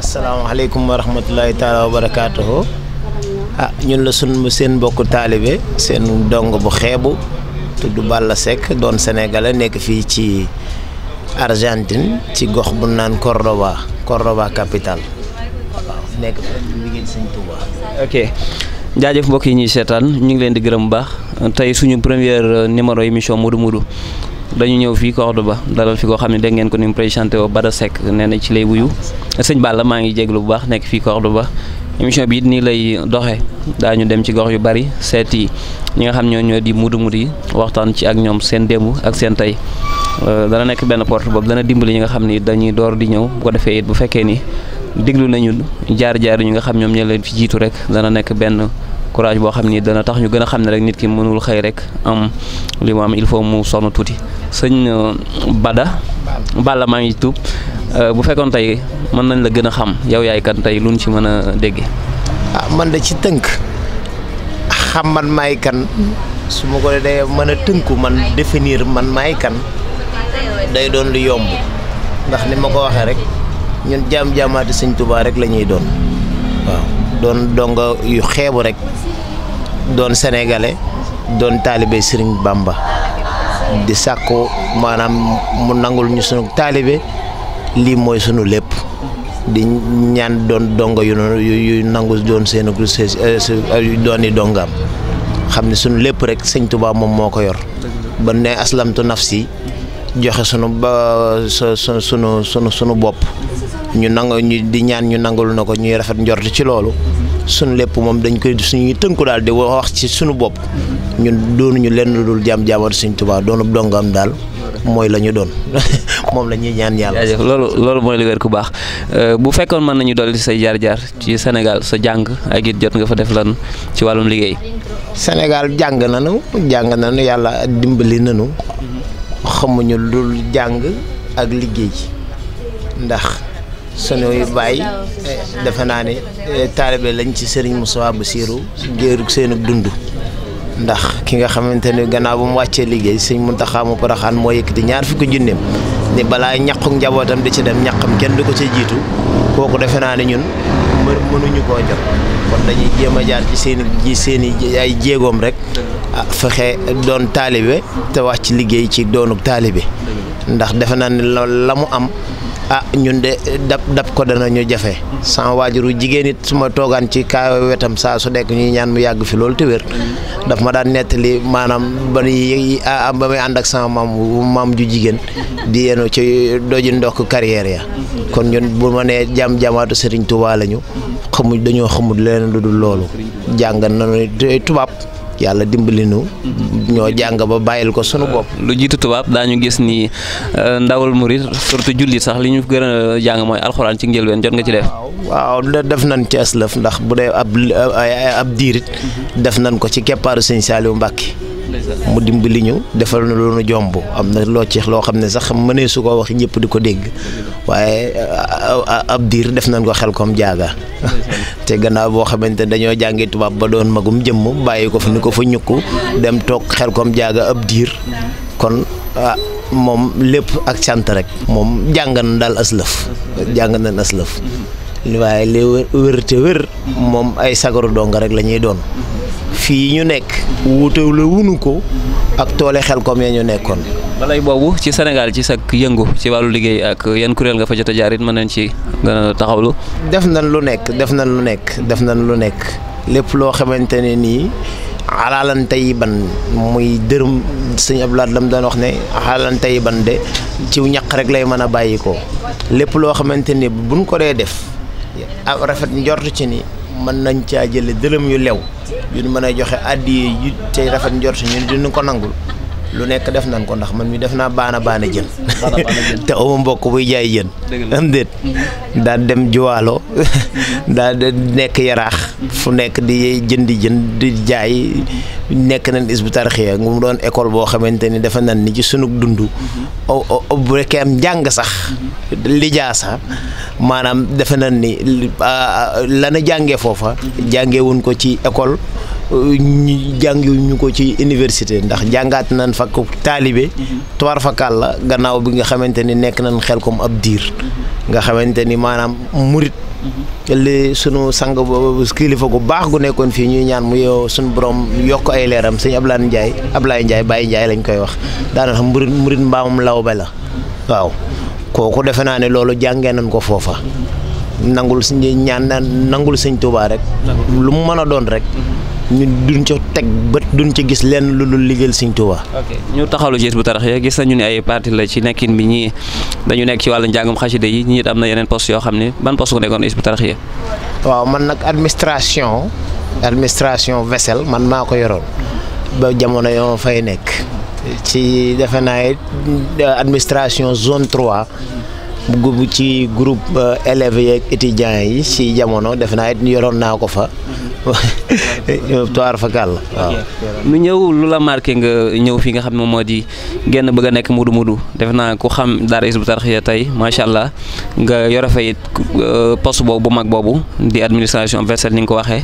asalaamaaleykum wa rahmatulahi taala wa barakaatuhu ah ñun la sun seen mbokku taalibe seen dong bu xeebu tudd Balla Seck doon sénégalais nekk fii ci Argentine ci gox bu naan Cordoba Cordoba capital waaw nekk mbokk yi ñuy seetaan ñu ngi leen di gërëm bu baax tey suñu première euh, numéro émission Modou Modou dañuy ñëw fii ba dalal fi koo xam ne dégg ngeen ko ni mu présenté woo Bada Seck nee na ci lay wuyu sëñ Balla maa ngi jéglu bu baax nekk fii Cordoba émission bi it nii lay doxee daañu dem ci gox yu bari seet yi ñi nga xam ñoo ñoo di mudu mudu yi waxtaan ci ak ñoom seen démb ak seen tey euh, dana nekk benn porte boobu dana dimbali ñi nga xam ni dañuy door di ñëw bu ko defee it bu fekkee ni diglu nañu jaar jaar yi ñi nga xam ñoom ñoo leen fi jiitu rek dana nekk benn. courage boo xam ni dana tax ñu gën a xam ne rek nit ki mënul xëy rek am li mu am il faut mu sonn tuuti sëñ euh, Bada. Balla maa ngi tuub euh, bu fekkoon tey mën nañ la gën a xam yow yaay kan tey luñ ci mën a déggee. ah man da ci tënk xam man maay kan su ma ko dee mën a tënku man définir man maay kan day doon lu yomb ndax ni ma ko waxee rek ñun jaam jaamaati sëñ Tuubaa rek lañuy ñuy doon waaw. doon donga yu xeebu rek doon senegale doon taalibe Sëriñ Bamba di sàkku maanaam mu nangul ñu sunu taalibe lii mooy sunu lépp di ñaan doon donga yu yu nangu doon seen doon yi dongaam xam ni sunu lépp rek sëñ Tuubaa moom moo ko yor ba ne aslamtu nafsi joxe sunu ba sunu sunu sunu sunu bopp ñu nangu ñu di ñaan ñu nangul na ko ñuy rafet njort ci loolu suñu lépp moom dañ koy suñuy tënku daal di wax ci suñu bopp ñun doonuñu lenn lul dul jaam jaamoon suñ Tuubaa doonub dongam daal mooy la ñu doon moom la ñaan yàlla. jaajëf loolu loolu mooy lu wér ku baax euh, bu fekkoon mën nañu dolli say jaar-jaar ci Sénégal sa jàng ak it jot nga fa def lan ci wàllum liggéey. Sénégal jàng nañu jàng nañu yàlla dimbali nañu mhm. xamuñu lu jàng ak liggéey ndax. sunuy baay defe naa ne eh, taalibe lañ ci Serigne Moussa Bassirou géerug seen ak dund ndax ki nga xamante ne gannaaw ba mu wàccee liggéey Serigne Mountakha mu Porokhane moo yëkkati ñaar fukki junneem ni balaa ñaquk njabootam di ci dem ñaqam kenn du ko ca jiitu kooku defe naa ne ñun mënuñu koo jot kon dañuy jéem a jaar ci seen i seen ay jéegoom rek ah, fexe doon taalibe te wax ci liggéey ci doonuk taalibe ndax defe naa la mu am. ah ñun de eh, dap dab ko danañu jafe sama waajuru jigéen it su ma toogaan ci ka wetam saa su dekk ñuy ñaan mu yàgg fi loolu te wér daf ma daan nettali maanaam ba nuy ah, ba muy ànd ak sama maam maam ju jigéen di yéenu ci doji ndokk carrière ya kon ñun bu ma nee jam jamaatu Serigne Touba lañu xamuñ dañoo lu dul loolu eh, tubaab yàlla dimbali nu mm-hmm. ñoo jàng ba bàyyil ko sunu uh, bopp. lu jiitu tubaab daañu gis ni uh, ndawal murit surtout jullit sax li ñu gën a jàng mooy alxuraan ci njëlbeen jot nga ci def. waaw def nañ ci aslëf ndax bu dee ab ab diirit mm-hmm. def nañ ko ci keppaaru sëñ Saliou Mbacke. mu dimbali ñu defal na loonu jomb am na loo ci loo xam ne sax mënee su ko wax ñëpp di ko dégg waaye ab diir def nañ ko xel koom jaaga te gannaaw boo xamante dañoo jàngi tubaab ba doon magum jëmm bàyyi ko fi ni ko fa ñukk dem toog xel koom jaaga ab diir kon moom lépp ak sant rek moom jàngan daal aslëf jàngan nañ aslëf waaye li wér te wér moom ay sagaru donga rek lañuy doon fii ñu nekk wuutewul nu ko ak toole xel kom ya ñu nekkoon balay boobu ci Sénégal ci sak yëngu ci wàllu liggéey ak yan kuréel nga fa jot a jaar it mën nañ ci gën a taxawlu def na lu nekk def na lu nekk def nañ lu nekk lépp loo xamante ne nii xalaalan tey ban muy dërëm sëñ Abdoulaye la mu wax ne xalaalan tey ban de ciw ñaq rek lay mën a bàyyi lépp loo xamante ni buñ ko dee def rafet njort ci ni mën nañ caa jële dërëm yu lew yu ñu mën a joxe àddi yi tey rafet njort ñu ne dinañ ko nangul lu nekk def nan ko ndax man mi def naa baana baana jën te amu mbokk buy jaay jën am déet mhm. daal dem juwaalo mhm. daal di nekk yaraax fu nekk di jën di jën di jaay nekk nañ Hizbut Tarqiyyah mu doon école boo xamante ni dafa nan ni ci sunug dund mhm. bu rekkee am njàng sax lijaasa maanaam dafa nan ni lana jàngee foofa jàngee ko ci école jàngiw ñu ko ci université ndax jàngaat nañ fa ko taalibe tuwaar fakal la gannaaw bi nga xamante ni nekk nañ xel kom ab diir nga xamante ni maanaam murit li sunu sang boobu kilifa gu baax gu nekkoon fii ñuy ñaan mu yow sunu borom yokk ay leeram sëñ Ablaye Ndiaye Ablaye Ndiaye Baye Ndiaye lañ koy wax daanaka murit murit mbaamum lawbe la waaw kooku defe naa ne loolu jàngee nañ ko foofa nangul suñu ñaan nangul sëñ Tuubaa rek lu mu mën a doon rek ñun duñ ca teg bët duñ ci gis lenn lu dul liggéeyal Sëñ Tuubaa. ok ñu taxawlu gis bu tarax gis nañu ne ay parti la ci nekkin bi ñii dañu nekk ci wàllu njàngum xasida yi ñii it am na yeneen post yoo xam ne ban poste ku nekkoon is bu waaw man nag administration administration vaisselle man maa ko yoroon ba jamono yoo fay nekk ci defe naa administration zone 3. bu ci groupe euh, élèves yeeg étudiants yi ci jamono defe naa it yoroon naa ko fa. toir fakal waaw nu ñëw lu la marqué nga ñëw fii nga xam ne moo di genn bëgg a nekk mudu mudu def naa ku xam daara Hizbut Tarqiyyah tey macha allah nga yore fa it euh, poste boobu bu mag boobu di administration universelle ni nga ko waxee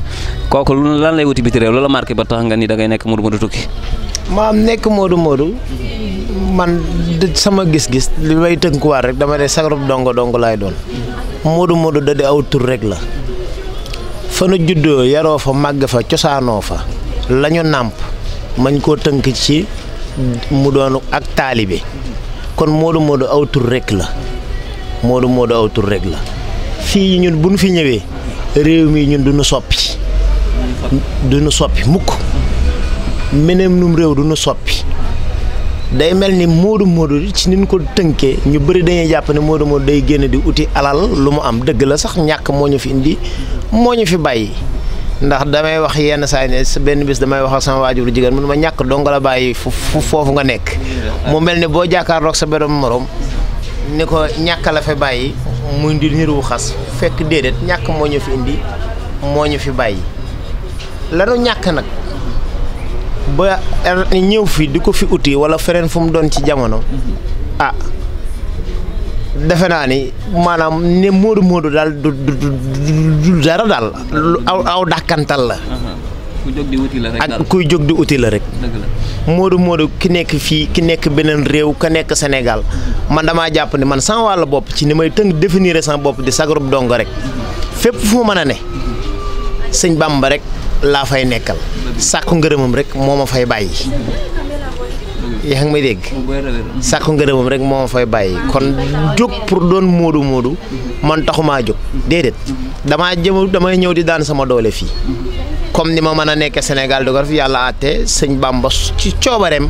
kooku lu lan lay wuti biti réew la marqué ba tax nga ni da ngay nekk mudu mudu tukki maam nekk moodu moodu man sama gis-gis li may tënkuwaat rek dama ne sagarub dongo dongo laay doon moodu moodu da di aw tur rek la fa nu juddoo yaroo fa màgg fa cosaanoo fa lañu nàmp mañ koo tënk ci mu doonu ak taalibe kon Modou Modou aw tur rekk la Modou Modou aw tur rek la fii ñun bu nu fi ñëwee réew mi ñun duñu nu soppi du nu soppi mukk meneem num réew du nu soppi day mel ni Modou Modou ci ni ko tënkee ñu bari dañuy jàpp ne Modou Modou day génn di uti alal lu mu am dëgg la sax ñàkk mooñu fi indi moo ñu fi bàyyi ndax damay wax yenn saa ne sa benn bis damay wax ak sama waajur jigéen mu ne ma ñàkk dong la bàyyi fu foofu nga nekk. mu mel ne boo jàkkaarloog sa benn morom ni ko ñàkk la bàyyi mu di niru xas fekk déedéet ñàkk moo ñu fi indi moo ñu fi bàyyi lanu ñàkk nag. ba ñëw fi di ko fi uti wala feneen fu mu doon ci jamono ah, defe naa ni maanaam ne Modou Modou daal du dara daal. lu aw dàkkantal la. Uh-huh. kuy jóg di uti la rek ak kuy jóg di uti la rek. Modou Modou ki nekk fii ki nekk beneen réew ka nekk Sénégal man damaa jàpp ni man sama wàll bopp ci ni may tënk définir sama bopp di sagarub dong rek fépp fu ma mën a ne sëñ Bàmba rek laa fay nekkal sàkku ngërëmam rek moo ma fay bàyyi. yaa ngi may dégg sàkku ngërëmam rek moom ma fay bàyyi kon jóg pour doon moodu moodu man taxumaa jóg déedéet damaa jëm damay ñëw di daan sama doole fii comme ni ma mën a nekkee senegal du ko yàlla àtte sëñ bàmba ci coobareem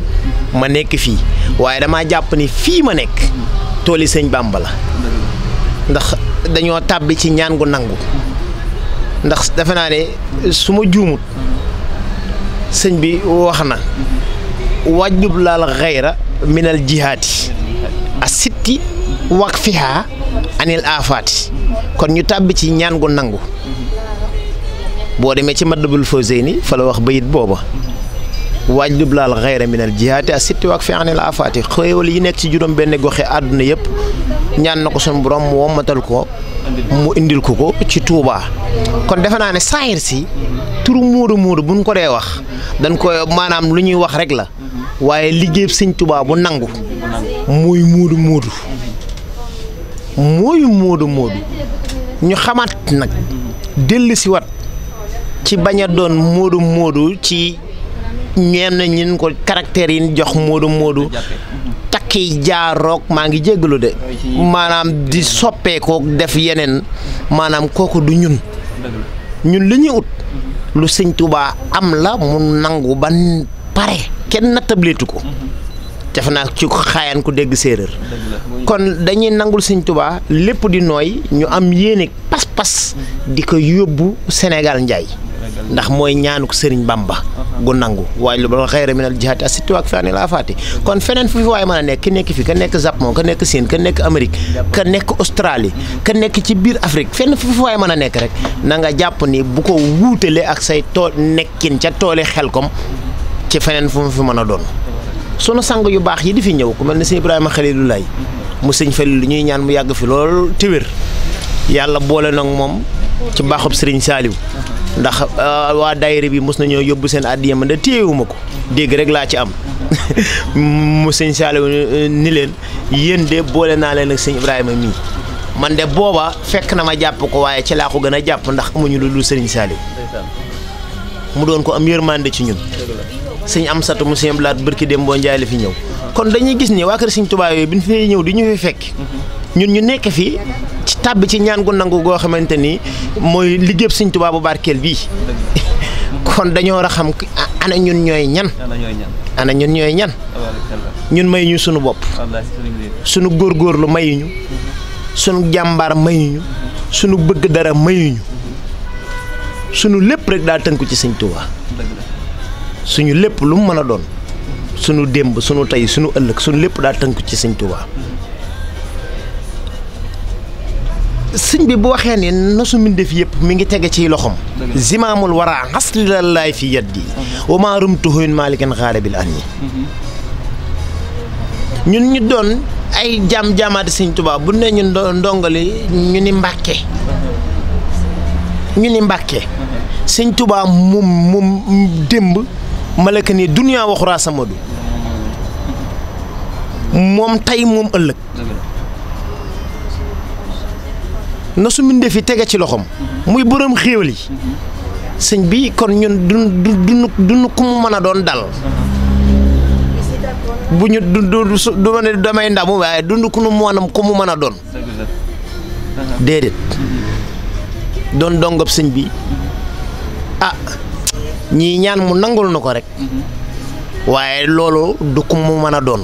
ma nekk fii waaye dama jàpp ni fii ma nekk tooli sëñ Bamba ndax dañoo tàbbi ci ñaan gu nangu ndax defe naa ne su ma juumut sëñ bi wax na wajub laal xayra minal jihaati a sitti waqfiha anil aafaati kon ñu tàbbi ci ñaan gu nangu boo demee ci Matlabul Fawzayni fa la wax bayit booba wajub laal xayra minal jihaati a sitti waqfi anil aafaati xéewal yi nekk ci juróom benn goxe àdduna yëpp ñaan na ko sunu borom mu wommatal ko mu indil ko ko ci Touba kon defe naa ne saayir si turu muudu muudu buñ ko dee wax dañ koy maanaam lu ñuy wax rek la waaye liggéey sëñ Tuubaa bu nangu muy muudu muudu muy muudu ñu xamaat nag dellusiwaat ci bañ a doon muudu muudu ci ñenn ñin ko caractère yi jox muudu muudu takki jaaroog maa ngi jéggalu de maanaam di soppeekoo def yeneen maanaam kooku du ñun ñun li ñuy ut lu sëñ Tuubaa am la mu nangu ba pare kenn nattableetu ko defe mhm. naa ci xaayaan ku dégg séeréer kon dañuy nangul sëñ Tuubaa lépp di nooy ñu am yéene pas-pas mhm. di ko yóbbu senegal njaay ndax mooy ñaanu sëriñ Bamba uh-huh. gu nangu waaye lu ba xayra minal jihaati asitti waak fiani laa faati kon feneen fu fi waaye mën a nekk ki nekk fii ka nekk Japon ka nekk Siin ka nekk Amérique ka nekk Australie mhm. ka nekk ci biir Afrique fenn fu fi waaye mën a nekk rek na nga jàpp ni bu ko wuutalee ak say tool nekkin ca toole xel kom ci feneen fu mu fi mën a doon sunu sang yu baax yi di fi ñëw ku mel ni sëñ Ibrahima Xalilulaay mu sëñ Falil lu ñuy ñaan mu yàgg fi lool te yàlla boole nag moom ci baaxub sëriñ Saaliw ndax euh, waa daayira bi mos nañoo yóbbu seen àddiya man de téyewuma ko dégg rek laa ci am mu sëñ Saaliw euh, ni leen yéen de boole naa leen ak sëñ Ibrahima mii man de booba fekk na ma jàpp ko waaye ci laa ko gën a jàpp ndax amuñu lu dul sëriñ Saaliw mu doon ko am ci ñun sëñ am satu mu sëñ blaat bërki dem boo njaay la fi ñëw kon dañuy gis ni waa kër sëñ Tuubaa yooyu bi ñu fi ñëw di ñu fi fekk ñun ñu nekk fii ci tàbb ci ñaan gu nangu goo xamante ni mooy liggéeyub sëñ Tuubaa bu barkeel bii kon dañoo war a xam ana ñun ñooy ñan ana ñun ñooy ñan ñun mayuñu suñu bopp suñu góor góorgóorlu mayuñu sunu jàmbaar mayuñu sunu bëgg dara mayuñu sunu lépp rek daa tënku ci sëñ Tuubaa suñu lépp lu mu mën a doon suñu démb suñu tey suñu ëllëg suñu lépp daa tënku ci sëñ Tuubaa sëñ bi bu waxee ne nasu mbindéef yëpp mi ngi tege ciy loxom zimaamul waraa xaslilallaahi fi yaddi wa maa rumtuhu maalikan xaalibil an yi mm-hmm. ñun ñu doon ay jaam jaamaati sëñ tubaa bu ne ñu ni mbàkke mm-hmm. ñu ni mbàkke mm-hmm. sëñ Tuubaa moom moom démb malaka ni dunya waxuraa samadu moom tey moom ëllëg na su mbindee fi tege ci loxoom muy boroom xéewal yi sëñ bi kon ñun du du ku mu mën a doon dal bu ñu du du ma damay ndamu waaye dund ku nu moonam ku mu mën a doon déedéet doon dongab sëñ bi ah ñii ñaan mu nangul na ko rek mm-hmm. waaye loolu du ku mu mën a doon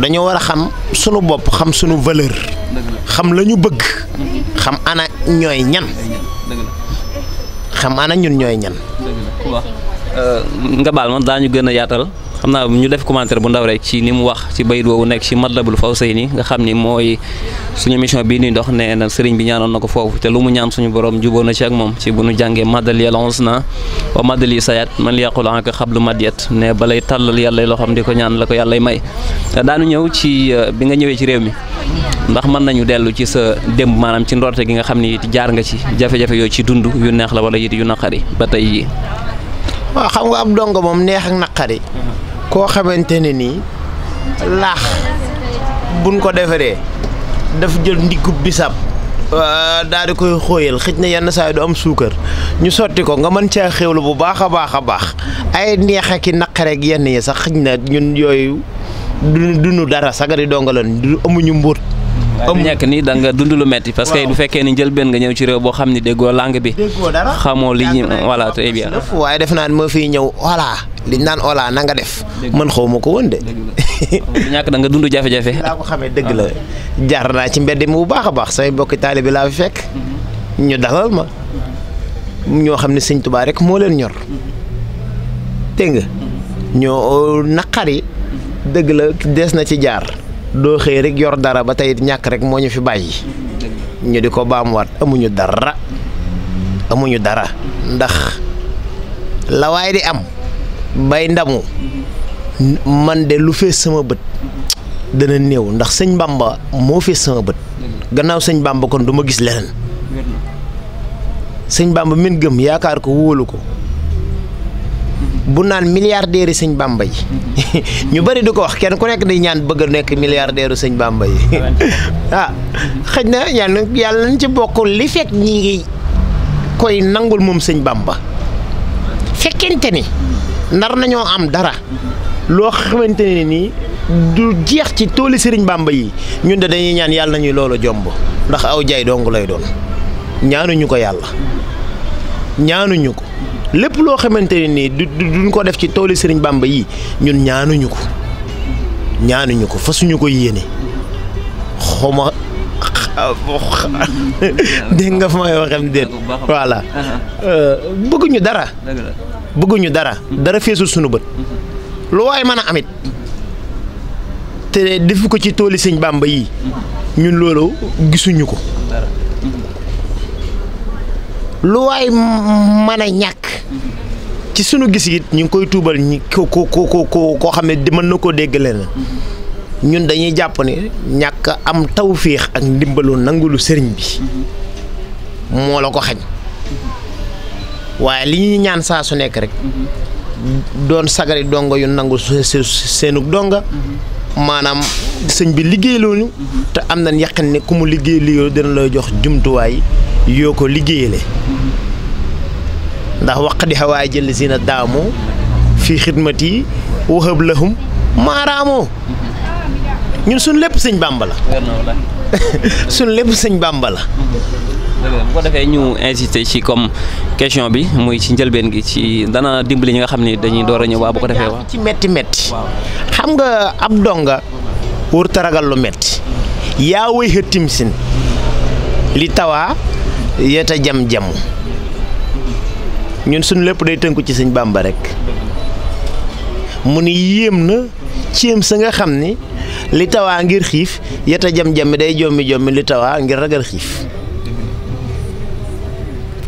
dañoo war a xam sunu bopp xam sunu valeur xam la ñu bëgg mm-hmm. xam ana ñooy ñan xam ana ñun ñooy ñan euh, nga baal ma daañu gën a yaatal xam naa ñu def commentaire bu ndaw rek ci li mu wax ci bayit woowu nekk ci Matlabul Fawzayni nga xam ni mooy suñu mission bii ni dox nee na sëriñ bi na ko foofu te lu mu ñaan suñu borom jubóo na ci ak moom ci bu nu jàngee madali al husna wa madali sayat man yàqul ne balay tàllal yàlla loo xam di ko ñaan la ko yàllay may daanu ñëw ci euh, bi nga ñëwee ci réew mi ndax mën nañu dellu ci sa démb maanaam ci ndorte gi nga xam ni jaar nga ci jafe-jafe yooyu ci dund yu neex la wala yit yu naqari ba tey yi koo xamante ne nii laax buñ ko defaree daf jël ndigub bisab euh, daal di koy xooyal xëj na yenn saa yi du am suukar ñu sotti ko nga mën caa xéwlu bu baax a baax a baax ay neex ak i naqareeg yenn yi sax xëj na ñun yooyu du nu dara sagari dongalan du amuñu mbuut comme nekk nii da nga dund lu metti parce que bu fekkee ni njëlbeen nga ñëw ci réew boo xam ni déggoo langue bi xamoo li ñu voilà très bien waaye def naan moo fiy ñëw voilà liñ naan ola na def man xaw ma ko ñàkk da dund jafe-jafe laa dëgg la ah. jaar naa ci mbedd mi bu baax a baax samay bokki taalibe laa fi fekk mm-hmm. ñu dalal ma ñoo xam ne sëñ Tuubaa rek moo leen ñor mm-hmm. dégg nga mm-hmm. ñoo naqari dëgg la des na ci jaar doo xëy rek yor dara ba tey ñàkk rek moo ñu fi bàyyi ñu di ko baamuwaat amuñu dara amuñu dara ndax la waay di am bay ndamu man de lu fees sama bët dana néew ndax sëñ Bamba moo fees sama bët gannaaw sëñ Bamba kon duma gis leneen sëñ Bamba min gëm yaakaar ko wóolu ko bu naan milliardaire yi sëñ bàmba yi ñu bëri du ko wax kenn ku nekk di ñaan bëgg nekk milliardaire sëñ bàmba yi ah xëj na yàlla yàlla nañ ci bokk li fekk ñi ngi koy nangul moom sëñ bàmba fekkente ni nar nañoo am dara loo xamante ne nii du jeex ci tooli sëriñ bàmba yi ñun dañuy ñaan yàlla nañuy loolu jomb ndax aw jaay dong lay doon ñaanuñu ko yàlla ñaanuñu ko lépp loo xamante ne nii du duñ ko def ci tooli Serigne Bamba yi ñun ñaanuñu ko ñaanuñu ko fasuñu ko yéene xoma dégg nga fa voilà euh, bëgguñu dara bëgguñu dara dara feesul sunu bët lu waaye mën a amit te defu ko ci tooli Serigne Bamba yi ñun loolu gisuñu ko lu waay mën a ñàkk ci sunu gis gi ñu ngi koy tuubal ñi ko ko ko koo xam ne mën na koo dégg na ñun dañuy jàpp ne ñàkk am tawféex ak ndimbalu nangulu sëriñ bi moo la ko xañ waaye li ñuy ñaan saa su nekk rek doon sagari dongo yu nangu seenug donga maanaam sëñ bi liggéey loolu te am na yaqin ne ku mu liggéey liggéey dina lay jox jumtuwaay yoo ko liggéeyale ndax waq di xawaay jël si na daamu fii xidmat yi waxab lahum maaraamoo ñun suñ lépp sëñ bàmba la suñ lépp sëñ bàmba la bu ko defee ñu insisté ci comme question bi muy ci njëlbeen gi ci dana dimbali ñi nga xam ne dañuy door a ñëw waa bu ko defee wax ci metti metti xam nga ab donga wër taragal lu metti yaa wéy xëttim sin li tawaa yeta jam jamu ñun suñ lépp day tënku ci baam ba rek mu ni yéem na céem sa nga xam ni li tawaa ngir xiif yeta jam jam mi day jommi jommi li tawaa ngir ragal xiif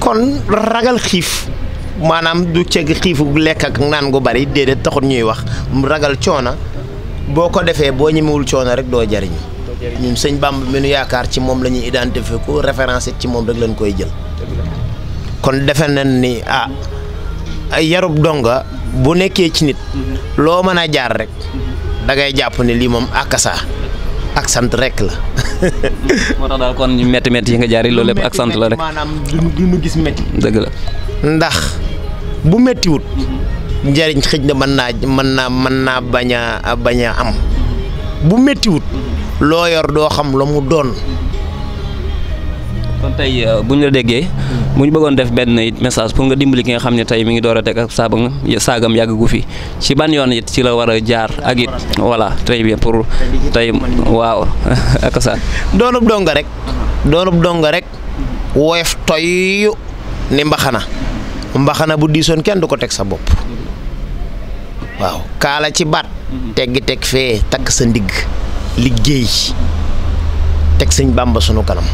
kon ragal xiif maanaam du cegg xiifu lekk ak naan gu bari déedéet taxut ñuy wax ragal coona boo ko defee boo ñemewul coono rek doo jariñ ñun sëñ Bamba mi nu yaakaar ci moom la ñuy identifié ko référence ci moom rek lañ koy jël. defe nañ ni ah, ay yarub donga bu nekkee ci nit. loo mën a jaar rek. da jàpp ne lii moom akasa ak sant rek la. moo tax daal kon ñu métti métti yi nga jaar loolu ak sant la rek maanaam gis métti. dëgg la bu mettiwut njariñ xëj na mën naa mën naa mën naa bañ a a am bu méttiwut. loo yor doo xam la mu doon. tey euh, bu ñu la déggee. Hmm. bu ñu bëggoon def benn it message pour nga dimbali ki nga xam ne tey mi ngi door a teg ak saabam saagam yàgg gu fi ci ban yoon it ci la war a jaar ak it voilà très pour tey waaw ak sa. doonub donga rek. doonub donga rek. woyof toy ni mbaxana mbaxana bu diisoon kenn du ko teg sa bopp waaw kaala ci baat hmm. teggi teg fee takk sa ndigg liggéey teg sañ bàmba sunu kanam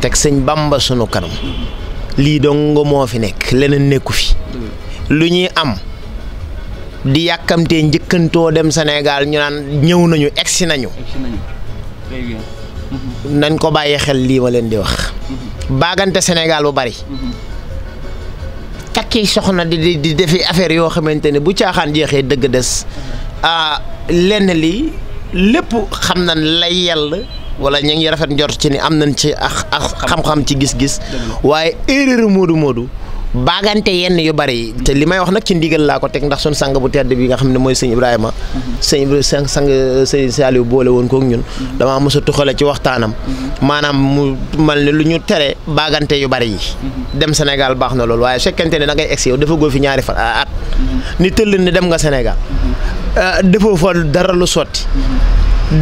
teg sañ bàmba sunu kanam lii dong moo fi nekk leneen nekku fi lu ñuy am di yàkkamtee njëkkantoo dem senegaal ñu naan ñëw nañu egsi nañu mhm. nañ ko bàyyi xel lii ma leen di wax mhm. baagante Sénégal bu bari mhm. takki soxna di di defi affaire yoo xamante ne bu caaxaan jeexee dëgg des ah, lenn lii lépp xam nañ lay yàlla wala ñu ngi rafet njort ci ni am nañ ci ak xam-xam ci gis-gis waaye erreur moodu moodu baagante yenn yu bari te li may wax nag ci ndigal laa ko teg ndax suñ sang bu tedd bi nga xam ne mooy sëñ Ibrahima mhm. sëñ sang sang sëñ Saliou boole woon kook ñun mhm. damaa mosa a tuxale ci waxtaanam mhm. maanaam mu mal ne lu ñu tere baagante yu bari yi dem Sénégal baax na loolu waaye fekkente ne da ngay egsi yow dafa góor fi ñaari fan at ni tëll ni dem nga Sénégal Euh, defoo fa dara lu sotti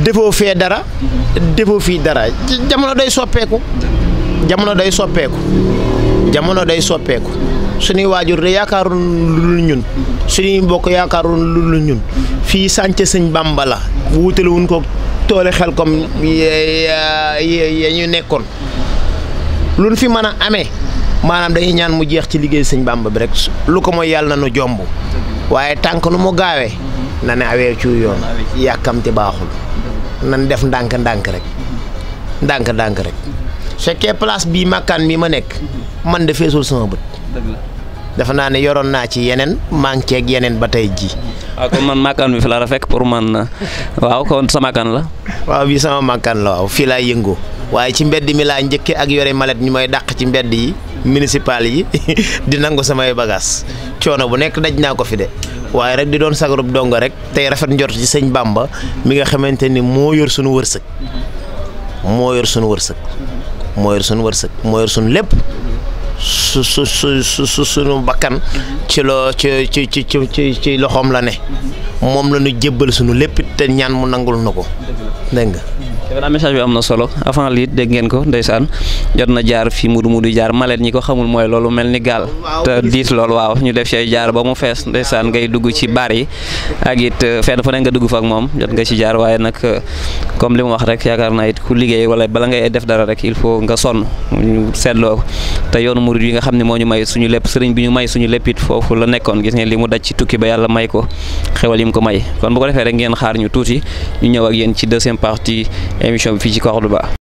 defoo fee dara defoo fi dara jamono day soppeeku jamono day soppeeku jamono day soppeeku suñuy waajur de yaakaaroon lu ñun suñuy mbokk yaakaaroon lu ñun fii sànce sëñ bambala la wutale wuñ ko toole xel comme ya ñu nekkoon luñ fi mën a amee maanaam dañuy ñaan mu jeex ci liggéey sëñ Bàmba bi rek lu ko mooy yàlla nu jomb waaye tànk nu mu gaawee na ne awee ciw yoon yàkkamti baaxul nan def ndànk-ndànk rek ndànk-ndànk rek fekkee place bii makkan mii ma nekk man de feesul sama bët dafa naa ne yoroon naa ci yeneen manqué ak yeneen ba tey ji waaw ah, man màkkaan bi fi la fekk pour man na ah. waaw kon sama màkkaan la waaw bii sama màkkaan la waaw fii laa yëngoo waaye ci mbedd mi laa njëkke ak yore malet ñu may dàq ci mbedd yi municipal yi di nangu samay bagages coono bu nekk daj naa ko fi de waaye rek di doon sagarub dongo rek tey rafet njort ci sëñ ba mi nga xamante ni moo yor sunu wërsëg moo yor sunu wërsëg moo yor sunu wërsëg moo yor lépp su su su su sunu bakkan ci loo ci ci ci ci ci loxoom la ne moom la ñu jëbbal sunu lépp te ñaan mu nangul na ko dégg nga defe message bi am na solo avant lii dégg ngeen ko ndeysaan jot na jaar fi mudu mudu jaar malet ñi ko xamul mooy loolu mel ni gaal te diis loolu waaw ñu def ci jaar ba mu fees ndeysaan ngay dugg ci baar yi ak it euh, fenn fu ne nga dugg fa ak moom jot nga ci jaar waaye nag euh, comme li mu wax rek yaakaar naa it ku liggéey wala bala ngay def dara rek il faut nga sonn ñu seetloo te yoonu murid yi nga xam ne moo ñu may suñu lépp sëriñ bi ñu may suñu lépp it foofu la nekkoon gis ngeen li mu daj ci tukki ba yàlla may ko xewal yi mu ko may kon bu ko defee rek ngeen xaar ñu émission bi fii ci Cordoba